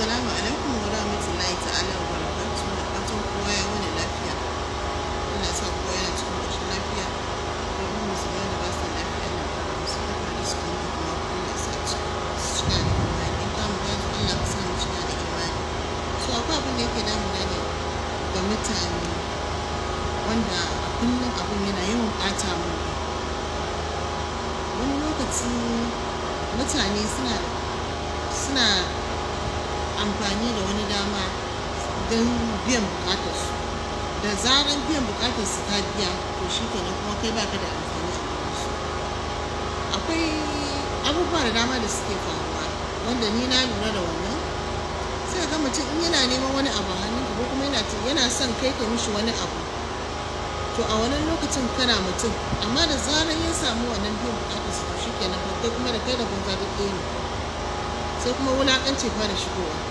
Assalamu alaikum wa rahmatullahi ta'ala wa barakatuh da fatan kowa ya wani lafiya. Ina sa kowa yana cikin ƙoshin lafiya. Ko Domin musulmai da basu lafiya na fara musu da fara su kuma kuma Allah sa ci. Su cika da imani. In ta mu ba su Allah ka sa mu ci cika da imani. So akwai abin da yake damuna ne ga mutane wanda a kullum abin yana yawan ɓata mu. Wani lokaci mutane suna suna amfani da wani dama don biyan bukatarsu da zaran biyan bukatarsu ta biya to shi kenan kuma kai baka da amfani a gurinsu akwai abubuwa da dama da suke faruwa wanda ni na lura da wannan sai ga mutum in yana neman wani abu hannunka ko kuma yana yana son kai ka mishi wani abu to a wannan lokacin kana mutum amma da zaran ya samu wannan biyan su, to shi kenan kai kuma da kai da banza duk ne sai kuma wulakanci fara shigowa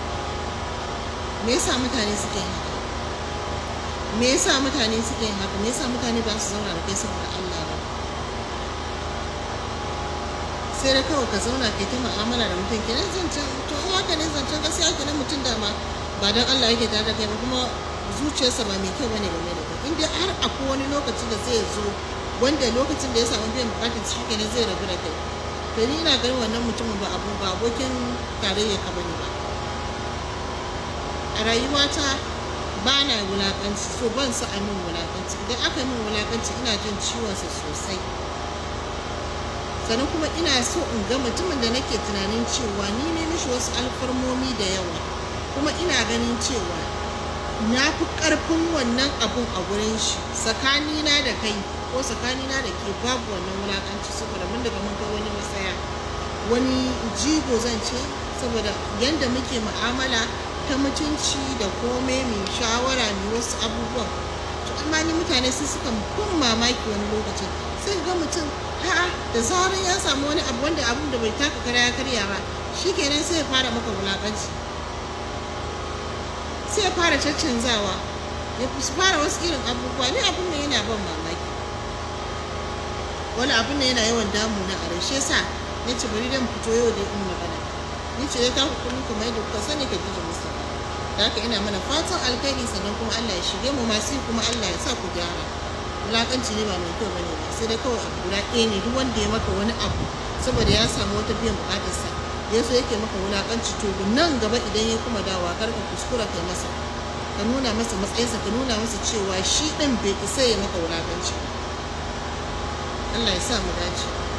me yasa mutane suke yin haka me yasa mutane suke yin haka me yasa mutane ba su zauna da kai saboda Allah ba sai da kawai ka zauna kai ta mu'amala da mutum kenan zancen to haka ne zancen gaskiya kenan mutum dama ba don Allah yake tare da kai ba kuma zuciyarsa ba mai kyau bane ba mai da kai in dai har akwai wani lokaci da zai zo wanda lokacin da ya samu biyan bukatun shi kenan zai rabu da kai to ni ina ganin wannan mutumin ba abu ba abokin tarayya ka bane ba rayuwata ba na wulaƙanci so ban su a min wulaƙanci idan aka min wulaƙanci ina jin ciwonsa sosai sannan kuma ina so in ga mutumin da nake tunanin cewa ni ne mishi wasu alfarmomi da yawa kuma ina ganin cewa na fi ƙarfin wannan abun a gurin shi tsakanina da kai ko tsakanina da ke babu wannan wulaƙanci saboda mun daga mun kai wani masaya wani jigo zan ce saboda yadda muke mu'amala ta mutunci da kome mai shawara mai wasu abubuwan to amma ni mutane sun suka bin mamaki wani lokacin sai ga mutum ha'a da zarar ya samu wani abu wanda abun da bai taka kare ya karya ba shikenan sai ya fara maka wulakanci sai ya fara caccanzawa ya fara wasu irin abubuwa ni abun ne yana ban mamaki wani abun ne yana yawan damuna a rashe sa ya ce bari dan fito yau da in magana ni ce ya ta kullum kamar yadda kuka sani ka gije musu da haka ina mana fatan alkhairi sannan kuma Allah ya shige mu masu kuma Allah ya sa ku gyara wulakanci ne ba mai kyau bane ba sai dai kawai abu guda ɗaya ne duk wanda ya maka wani abu saboda ya samu wata biyan buƙatarsa ya so yake maka wulakanci to nan gaba idan ya kuma dawa kar ka kuskura kai masa ka nuna masa matsayinsa ka nuna masa cewa shi ɗin bai isa ya maka wulakanci Allah ya sa mu dace